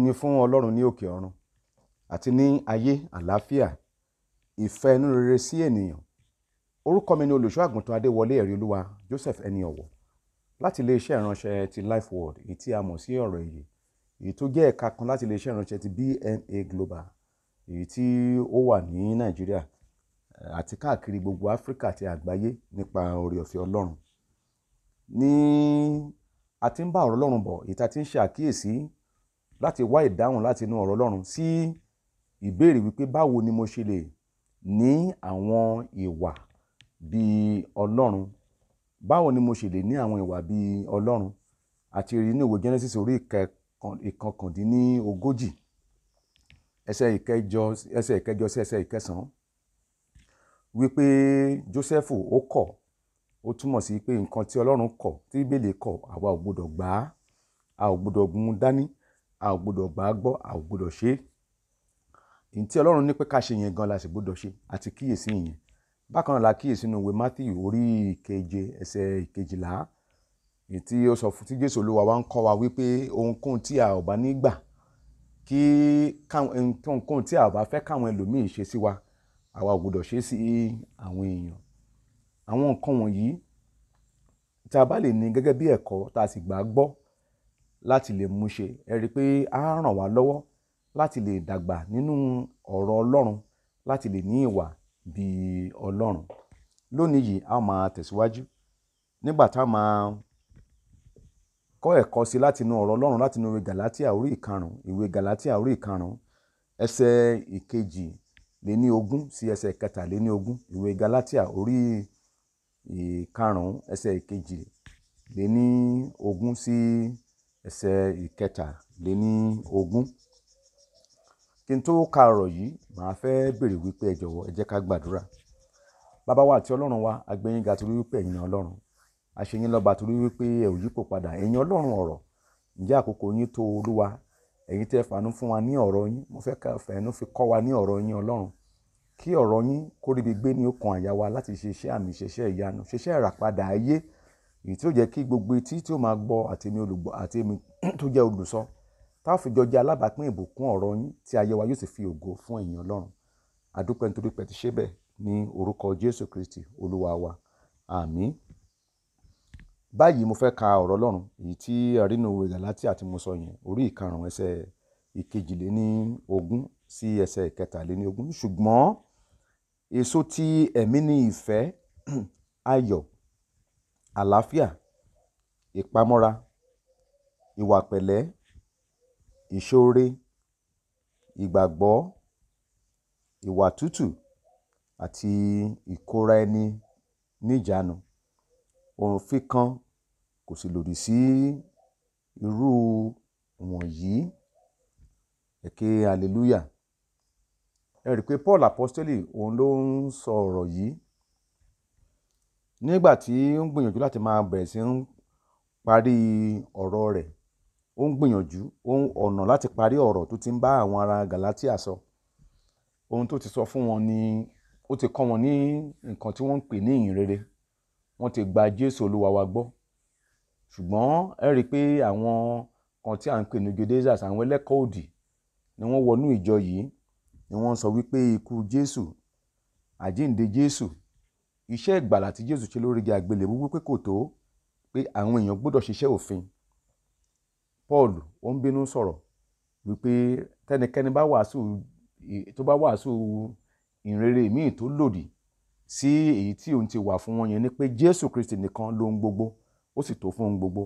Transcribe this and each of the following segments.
ni fún ọlọ́run ní òkè ọ̀run àti ní ayé àlàáfíà ìfẹ́ inú rere sí ènìyàn orúkọ mi ni olùṣọ́ àgùntàn adéwọlé ẹ̀rí olúwa joseph ẹni ọ̀wọ̀ láti iléeṣẹ́ ìránṣẹ́ ti life world èyí tí a mọ̀ sí ọ̀rọ̀ èyí èyí tó jẹ́ ẹ̀ka kan láti iléeṣẹ́ ìránṣẹ́ ti bma global èyí tí ó wà ní nàìjíríà eh, àti káàkiri gbogbo áfíríkà àti àgbáyé nípa oore ọ̀fẹ́ ọlọ́run ní a ti ń bá ọ̀rọ̀ ọlọ́run bọ̀ èyí tá a ti ń ṣe láti wá ìdáhùn láti inú ọ̀rọ̀ Ọlọ́run sí ìbéèrè wípé báwo ni mo ṣe lè ní àwọn ìwà bí Ọlọ́run báwo ni mo ṣe lè ní àwọn ìwà bí Ọlọ́run àti rí inú ìwé Genesis orí ìkọkàndínlógójì ẹsẹ̀ ìkẹjọ ẹsẹ̀ ìkẹjọ sí ẹsẹ̀ ìkẹsàn-án wípé Jósẹ́fù ó kọ̀ ó túmọ̀ sí pé nǹkan tí Ọlọ́run kọ̀ tí Bíbélì kọ̀ àwa ò gbọdọ̀ gbà á a ò gbọdọ̀ mú dání a ò gbọdọ̀ gbà á gbọ́ a ò gbọdọ̀ ṣe é ìyẹn tí ọlọ́run ní pé ká ṣe yẹn gan la sì gbọdọ̀ ṣe àti kíyèsí yẹn bákan náà la kíyèsí inú ìwé Matthew orí ìkeje ẹsẹ̀ ìkejìlá èyí tí ó sọ fún tí Jésù Olúwa wa ń kọ́ wa wípé ohunkóhun tí a ò bá ní gbà kí ohunkóhun tí a ò bá fẹ́ káwọn ẹlòmíì ṣe sí wa àwa ò gbọdọ̀ ṣe sí àwọn èèyàn àwọn nǹkan wọ̀nyí tí a bá lè ní gẹ́gẹ́ bí ẹ̀kọ́ tá a sì gbà á gbọ́ láti lè mú ṣe ẹ rí i pé á ràn wá lọ́wọ́ láti lè dàgbà nínú ọ̀rọ̀ ọlọ́run láti lè ní ìwà bíi ọlọ́run lónìí yìí a máa tẹ̀síwájú nígbà tá a máa kọ́ ẹ̀kọ́ sí láti inú ọ̀rọ̀ ọlọ́run láti inú ìwé gàlátíà orí ìkarùn ìwé gàlátíà orí ìkarùn ẹsẹ̀ ìkejì lé ní ogún sí ẹsẹ̀ kẹta lé ní ogún ìwé gàlátíà orí ìkarùn ẹsẹ̀ ìkejì lé ní ogún sí. Si ẹsẹ̀ ìkẹtàléníogún kí n tó ka ọ̀rọ̀ yìí màá fẹ́ béèrè wípé ẹ jọ̀wọ́ ẹ jẹ́ ká gbàdúrà bàbá wa àti ọlọ́run wa a gbé yín ga torí wípé ẹ̀yin ọlọ́run a ṣe yín lọ́ba torí wípé ẹ ò yípo padà ẹ̀yin ọlọ́run ọ̀rọ̀ ǹjẹ́ àkókò yín tó olúwa ẹ̀yin tẹ́ fàánú fún wa ní ọ̀rọ̀ yín mo fẹ́ ká fẹ̀ẹ́nú fi kọ́ wa ní ọ̀rọ̀ yín ọlọ́run kí ọ̀rọ̀ yín kó gbé ní ọkàn àyà wa láti ṣe àmì ṣe ìyanu ṣe ìràpadà ayé èyí tí ó jẹ́ kí gbogbo etí tí ó máa gbọ́ àti èmi olùgbọ́ àti èmi tó jẹ́ olùsọ tá a fi jọ jẹ́ alábàápín ìbùkún ọ̀rọ̀ yín tí ayé wa yóò sì fi ògo fún ẹ̀yìn ọlọ́run àdúpẹ́ nítorí pé ti ṣe bẹ́ẹ̀ ní orúkọ jésù kristi olúwa wa àmín báyìí mo fẹ́ ka ọ̀rọ̀ ọlọ́run èyí tí àrínú Gálátíà àti mo sọ yẹn orí ìkarùn-ún ẹsẹ̀ ìkejìléní ogún sí ẹsẹ̀ ìkẹtàléní ogún ṣùgbọ́n èso ti ẹ̀mí ni ìfẹ́ ayọ̀ àlàáfíà ìpamọ́ra ìwà pẹ̀lẹ́ ìṣoore ìgbàgbọ́ ìwà tútù àti ìkóra ẹni níjàánu òfin kan kò sì lòdì sí irú wọ̀nyí ẹ̀kẹ́ hallelujah ẹ rí i pé paul apostoli òun ló ń sọ ọ̀rọ̀ yìí nígbà tí ó ń gbìyànjú láti máa bẹ̀rẹ̀ sí ń parí ọ̀rọ̀ rẹ̀ ó ń gbìyànjú ohun ọ̀nà láti parí ọ̀rọ̀ tó ti ń bá àwọn ará Galatia sọ ohun tó ti sọ fún wọn ni ó ti kọ́ wọn ní nǹkan tí wọ́n ń pè ní ìyìnrere wọ́n ti gba Jésù Olúwa wa gbọ́ ṣùgbọ́n ẹ rí i pé àwọn kan tí à ń pè ní judaizers àwọn ẹlẹ́kọ̀ọ́ òdì ni wọ́n wọnú ìjọ yìí ni wọ́n sọ wípé ikú Jésù àjíǹde Jésù iṣẹ́ ìgbàlà tí jésù ṣe lórí igi àgbélébú wípé kò tó pé àwọn èèyàn gbọ́dọ̀ ṣiṣẹ́ òfin paul ó ń bínú sọ̀rọ̀ wípé tẹnikẹ́ni bá wàásù tó bá wàásù ìrere míì tó lòdì sí èyí tí òun ti wà fún wọn yẹn ni pé jésù kristi nìkan lohun gbogbo ó sì tó fún ohun gbogbo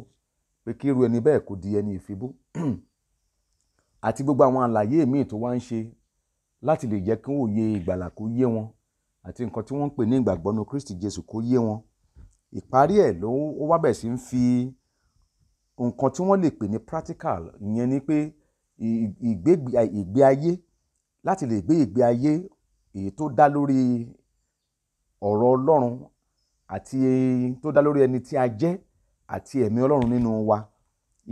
pé kí irú ẹni bẹ́ẹ̀ kò di ẹni ìfibú àti gbogbo àwọn àlàyé míì tó wá ń ṣe láti lè jẹ́ kí wọ́n òye ìgbàlà kó yé wọn àti nǹkan tí wọ́n ń pè ní ìgbàgbọ́ nu Kristi Jésù kó yé wọn ìparí ẹ̀ ló ó wá bẹ̀ sí ń fi nǹkan tí wọ́n lè pè ní practical ìyẹn ni pé ìgbé ayé láti lè gbé ìgbé ayé èyí tó dá lórí ọ̀rọ̀ Ọlọ́run àti tó dá lórí ẹni tí a jẹ́ àti ẹ̀mí Ọlọ́run nínú wa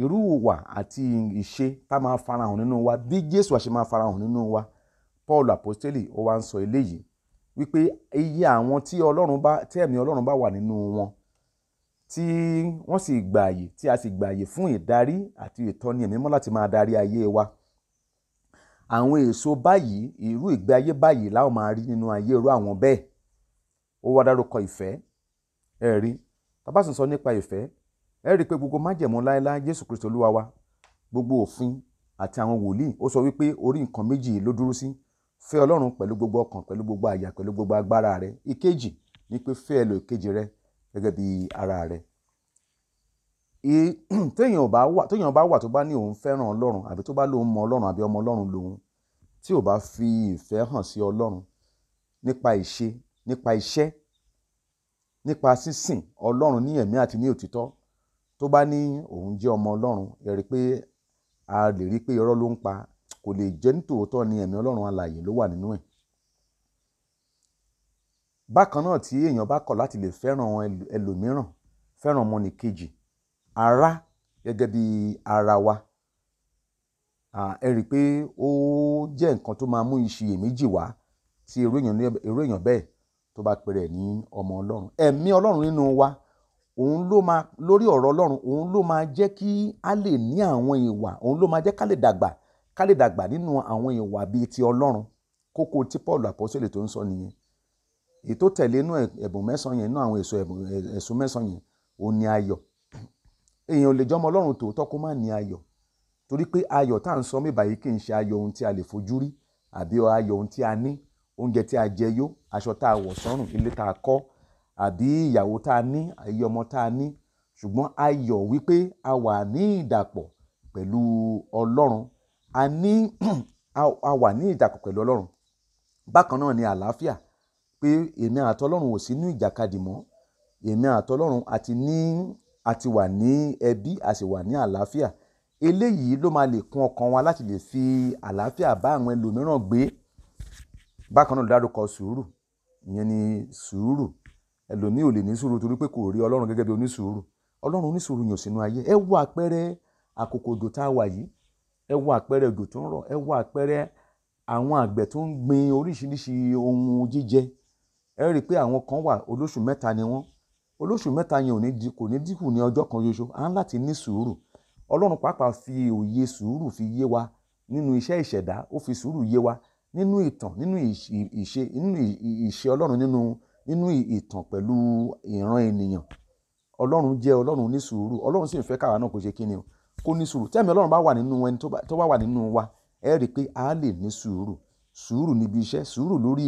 irú ìwà àti ìṣe tá máa farahàn nínú wa bí Jésù àṣẹ máa farahàn nínú wa Paul apostoli ó wá ń sọ eléyìí wípé iye àwọn tí ọlọ́run bá tí ẹ̀mí ọlọ́run bá wà nínú wọn tí wọ́n sì gbààyè tí a sì gbààyè fún ìdarí àti ìtọ́ni ẹ̀mí mọ́ láti máa darí ayé wa àwọn èso báyìí irú ìgbé ayé báyìí la ó máa rí nínú ayé irú àwọn bẹ́ẹ̀ ó wá dárúkọ ìfẹ́ ẹ rí bàbá sì sọ nípa ìfẹ́ ẹ rí i pé gbogbo májẹ̀mú láéláé Jésù Kristi Olúwa wa gbogbo òfin àti àwọn wòlíì ó sọ wípé orí nǹkan méjì ló dúró sí fẹ́ ọlọ́run pẹ̀lú gbogbo ọkàn pẹ̀lú gbogbo àyà pẹ̀lú gbogbo agbára rẹ ìkejì ni pé fẹ́ ẹlòkejì rẹ gẹ́gẹ́ bí ara rẹ téèyàn bá wà téèyàn bá wà tó bá ní òun fẹ́ràn ọlọ́run àbí tó bá lóun mọ ọlọ́run àbí ọmọ ọlọ́run lòun tí ò bá fi ìfẹ́ hàn sí ọlọ́run nípa ìṣe nípa iṣẹ́ nípa sísìn ọlọ́run ní ẹ̀mí àti ní òtítọ́ tó bá ní òun jẹ́ ọmọ ọlọ́run ẹ pé a lè rí pé irọ́ ló ń pa kò lè jẹ́ nítòótọ́ ni ẹ̀mí ọlọ́run alààyè ló wà nínú ẹ̀ bákan náà tí èèyàn bá kọ̀ láti lè fẹ́ràn ẹlòmíràn fẹ́ràn ọmọnìkejì ara gẹ́gẹ́ bí ara wa ẹ rí i pé ó jẹ́ nǹkan tó máa mú ìṣiyèméjì wá tí irú èèyàn bẹ́ẹ̀ tó bá pèrè ní ọmọ ọlọ́run ẹ̀mí ọlọ́run nínú wa òun ló máa lórí ọ̀rọ̀ ọlọ́run òun ló máa jẹ́ kí a lè ní àwọn ìwà òun ló máa jẹ́ ká lè dàgbà ká lè dàgbà nínú àwọn ìwà bíi ti ọlọ́run kókó tí paul àpọ́sẹ̀lẹ̀ tó ń sọ nìyẹn èyí tó tẹ̀lé inú ẹ̀bùn mẹ́sàn-án yẹn inú àwọn èso ẹ̀sùn mẹ́sàn-án yẹn ò ní ayọ̀ èèyàn ò lè jọmọ ọlọ́run tòótọ́ kó má ní ayọ̀ torí pé ayọ̀ tá à ń sọ mí báyìí kì í ṣe ayọ̀ ohun tí a lè fojú rí àbí ayọ̀ ohun tí a ní oúnjẹ tí a jẹ yó aṣọ tá a wọ̀ sọ́rùn ilé tá a kọ́ àbí ìyàwó tá a ní ayé ọmọ tá a ní ṣùgbọ́n ayọ̀ wípé a wà ní ìdàpọ̀ pẹ̀lú ọlọ́run a ní a wà ní ìdàpọ̀ pẹ̀lú ọlọ́run bákan náà ni àlàáfíà pé èmi àtọlọ́run ò sí ní ìjàkadì mọ́ èmi àtọlọ́run àti ní àti wà ní ẹbí a sì wà ní àlàáfíà eléyìí ló máa lè kún ọkàn wa láti lè fi àlàáfíà bá àwọn ẹlòmíràn gbé bákan náà dárúkọ sùúrù ìyẹn ni sùúrù ẹlòmíì ò lè ní sùúrù torí pé kò rí ọlọ́run gẹ́gẹ́ bí onísùúrù ọlọ́run onísùúrù yàn sínú ayé ẹ wo àpẹẹrẹ àkókò òdò tá a wà yìí ẹ wo àpẹẹrẹ òjò tó ń rọ̀ ẹ wo àpẹẹrẹ àwọn àgbẹ̀ tó ń gbin oríṣiríṣi ohun jíjẹ ẹ rí i pé àwọn kan wà olóṣù mẹ́ta ni wọ́n olóṣù mẹ́ta yẹn ò ní di kò ní dínkù ní ọjọ́ kan ṣoṣo à ń láti ní sùúrù ọlọ́run pàápàá fi òye sùúrù fi yé wa nínú iṣẹ́ ìṣẹ̀dá ó fi sùúrù yé wa nínú ìtàn nínú ìṣe nínú ìṣe ọlọ́run nínú nínú ìtàn pẹ̀lú ìran ènìyàn ọlọ́run jẹ́ ọlọ́run ní sùúrù ọlọ́run sì ń fẹ́ káwa náà kó ṣe kí ni o kó ní sùúrù tẹ́mi ọlọ́run bá wà nínú ẹni tó bá wà nínú wa ẹ rí i pé a lè ní sùúrù sùúrù níbi iṣẹ́ sùúrù lórí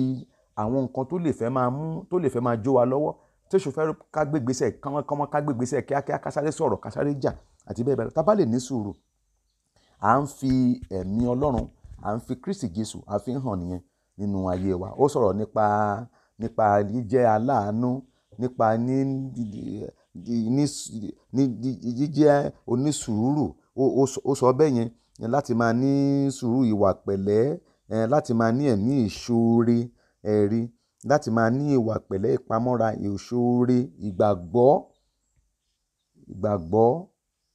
àwọn nǹkan tó lè fẹ́ máa mú tó lè fẹ́ máa jó wa lọ́wọ́ tẹ́sù fẹ́ ká gbégbésẹ̀ kánmọ́kánmọ́ ká gbégbésẹ̀ kíákíá ká sọ̀rọ̀ ká jà àti bẹ́ẹ̀ bẹ́ẹ̀ lọ tá lè ní sùúrù à ń fi ẹ̀mí ọlọ́run à ń fi Kristi Jésù à fi ń hàn nìyẹn nínú ayé wa ó sọ̀rọ̀ nípa nípa jíjẹ́ aláàánú nípa ní jíjẹ́ onísùúrù ó sọ bẹ́ẹ̀ yẹn láti máa ní sùúrù ìwà pẹ̀lẹ́ láti máa ní ẹ̀mí ìṣoore ẹ̀rí láti máa ní ìwà pẹ̀lẹ́ ìpamọ́ra ìṣoore ìgbàgbọ́ ìgbàgbọ́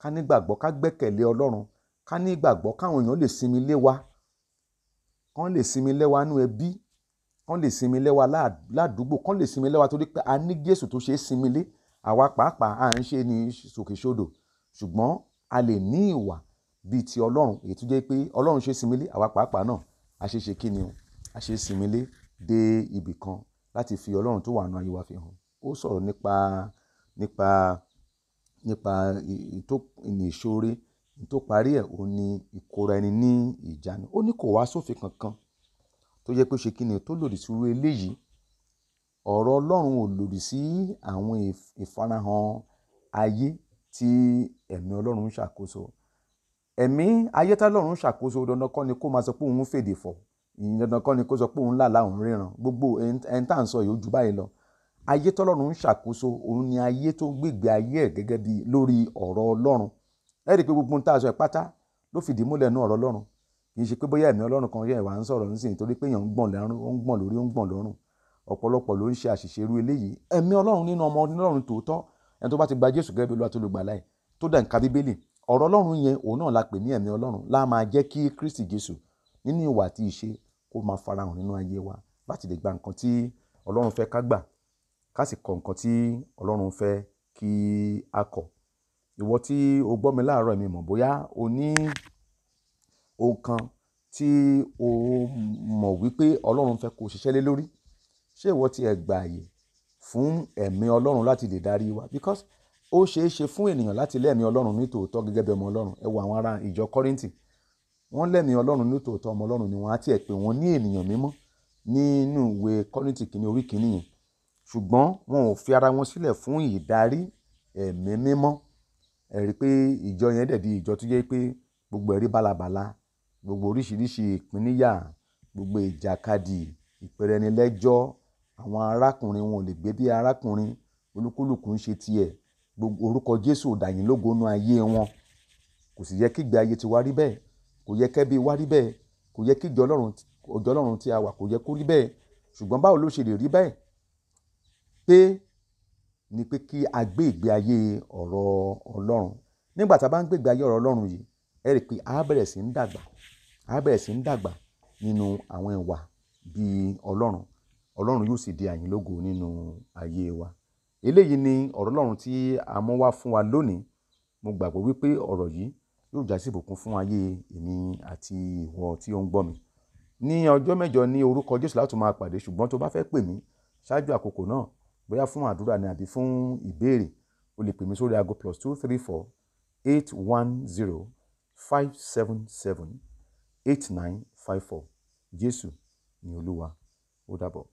ká ní ìgbàgbọ́ ká gbẹ́kẹ̀lé Ọlọ́run ká ní ìgbàgbọ́ káwọn èèyàn lè sinmi lé wa kán lè sinmi lé wa nínú ẹbí kán lè sinmi lé wa ládùúgbò kán lè sinmi lé torí pé a ní Jésù tó ṣe é sinmi lé àwa pàápàá à ń ṣe ní sòkèsodò ṣùgbọ́n a lè ní ìwà bíi ti ọlọ́run èyí tó jẹ́ pé ọlọ́run ṣe sinmi lé àwa pàápàá náà a ṣe ṣe kí o a ṣe sinmi lé dé ibì kan láti fi ọlọ́run tó wà nínú ayé wa fi hàn ó sọ̀rọ̀ nípa nípa nípa ìnìṣòre tó parí ẹ̀ òun ni ìkóra ẹni ní ìjánu ó ní kò wá sófin kankan tó jẹ́ pé ṣe kí tó lòdì sí irú eléyìí ọ̀rọ̀ Ọlọ́run ò lòdì sí àwọn ìfarahàn ayé tí ẹ̀mí Ọlọ́run ń ṣàkóso. Ẹ̀mí ayé tí Ọlọ́run ń ṣàkóso dandan kọ́ ni kó máa sọ pé òun ń fèdè fọ̀. Ìyẹn dandan kọ́ ni kó sọ pé òun làlá òun ríran. Gbogbo ẹni tá à ń sọ yìí ó ju báyìí lọ. Ayé tí ń ṣàkóso òun ni ayé tó ń ayé ẹ̀ gẹ́gẹ́ bí lórí ọ̀rọ̀ Ọlọ́run. Ẹ rí i pé gbogbo ohun tá a sọ pátá ló fìdí múlẹ̀ nínú ọ̀rọ̀ Ọlọ́run. Kì í ṣe pé bóyá ẹ̀mí Ọlọ́run kan yẹ̀ wá ń sọ̀rọ̀ nísìnyí torí pé èèyàn ń gbọ̀n lọ́rùn, ó ń gbọ̀n lórí, ó ń gbọ̀n lọ́rùn ọ̀pọ̀lọpọ̀ ló ń ṣe àṣìṣe irú eléyìí ẹ̀mí ọlọ́run nínú ọmọ ọlọ́run tòótọ́ ẹni tó bá ti gba jésù gẹ́gẹ́ bí olúwa tó lè gbà láì tó dẹ̀ ń ka bíbélì ọ̀rọ̀ ọlọ́run yẹn òun náà la pè ní ẹ̀mí ọlọ́run láà máa jẹ́ kí kristi jésù nínú ìwà àti ìṣe kó máa farahàn nínú ayé wa láti lè gba nǹkan tí ọlọ́run fẹ́ ká gbà ká sì kọ̀ nǹkan tí ọlọ́run fẹ́ kí a kọ̀ ìwọ tí o gbọ́ mi láàárọ̀ mi mọ̀ bóyá o ní ohun kan tí o mọ̀ wípé ọlọ́run fẹ́ kó o ṣiṣẹ́ lé lórí ṣé ìwọ ti ẹ̀ gbààyè fún ẹ̀mí ọlọ́run láti lè darí wa because ó ṣeé ṣe fún ènìyàn láti lẹ́ẹ̀mí ọlọ́run ní tòótọ́ gẹ́gẹ́ bí ọmọ ọlọ́run ẹ wo àwọn ará ìjọ kọ́rìntì wọ́n lẹ́ẹ̀mí ọlọ́run ní tòótọ́ ọmọ ọlọ́run ni wọ́n á tiẹ̀ pè wọ́n ní ènìyàn mímọ́ nínú ìwé kọ́rìntì kìíní orí kìíní yẹn ṣùgbọ́n wọn ò fi ara wọn sílẹ̀ fún ìdarí ẹ̀mí mímọ́ ẹ rí pé ìjọ yẹn dẹ̀ di ìjọ tó jẹ́ pé gbogbo ẹ̀rí bálabàla gbogbo oríṣiríṣi ìpínníyà gbogbo ìjàkadì ìpẹrẹnilẹ́jọ́ àwọn arákùnrin wọn ò lè gbé bí arákùnrin olúkúlùkù ń ṣe tiẹ̀ gbogbo orúkọ Jésù ò dàyín lógo nú ayé wọn kò sì yẹ kí ìgbé ayé ti wá rí bẹ́ẹ̀ kò yẹ kẹ́bí wá rí bẹ́ẹ̀ kò yẹ kí ìjọ Ọlọ́run tí a wà kò yẹ kó rí bẹ́ẹ̀ ṣùgbọ́n báwo ló ṣe lè rí bẹ́ẹ̀ pé ni pé kí a gbé ìgbé ayé ọ̀rọ̀ Ọlọ́run nígbà tá a bá ń gbé ìgbé ayé ọ̀rọ̀ Ọlọ́run yìí ẹ rí i pé a bẹ̀rẹ̀ sí ń dàgbà a bẹ̀rẹ̀ sí ń dàgbà nínú àwọn ìwà bíi Ọlọ́run ọlọ́run yóò sì di àyìn lógo nínú ayé wa eléyìí ni ọ̀rọ̀ ọlọ́run tí a mú wá fún wa lónìí mo gbàgbọ́ wípé ọ̀rọ̀ yìí yóò jásí ìbùkún fún ayé èmi àti ìwọ tí ó ń gbọ́ mi ní ọjọ́ mẹ́jọ ní orúkọ jésù láti máa pàdé ṣùgbọ́n tó bá fẹ́ pè mí ṣáájú àkókò náà bóyá fún àdúrà ni àbí fún ìbéèrè o lè pè mí sórí aago plus two three four eight one zero five seven seven eight nine five four jésù ni olúwa ó dàbọ̀.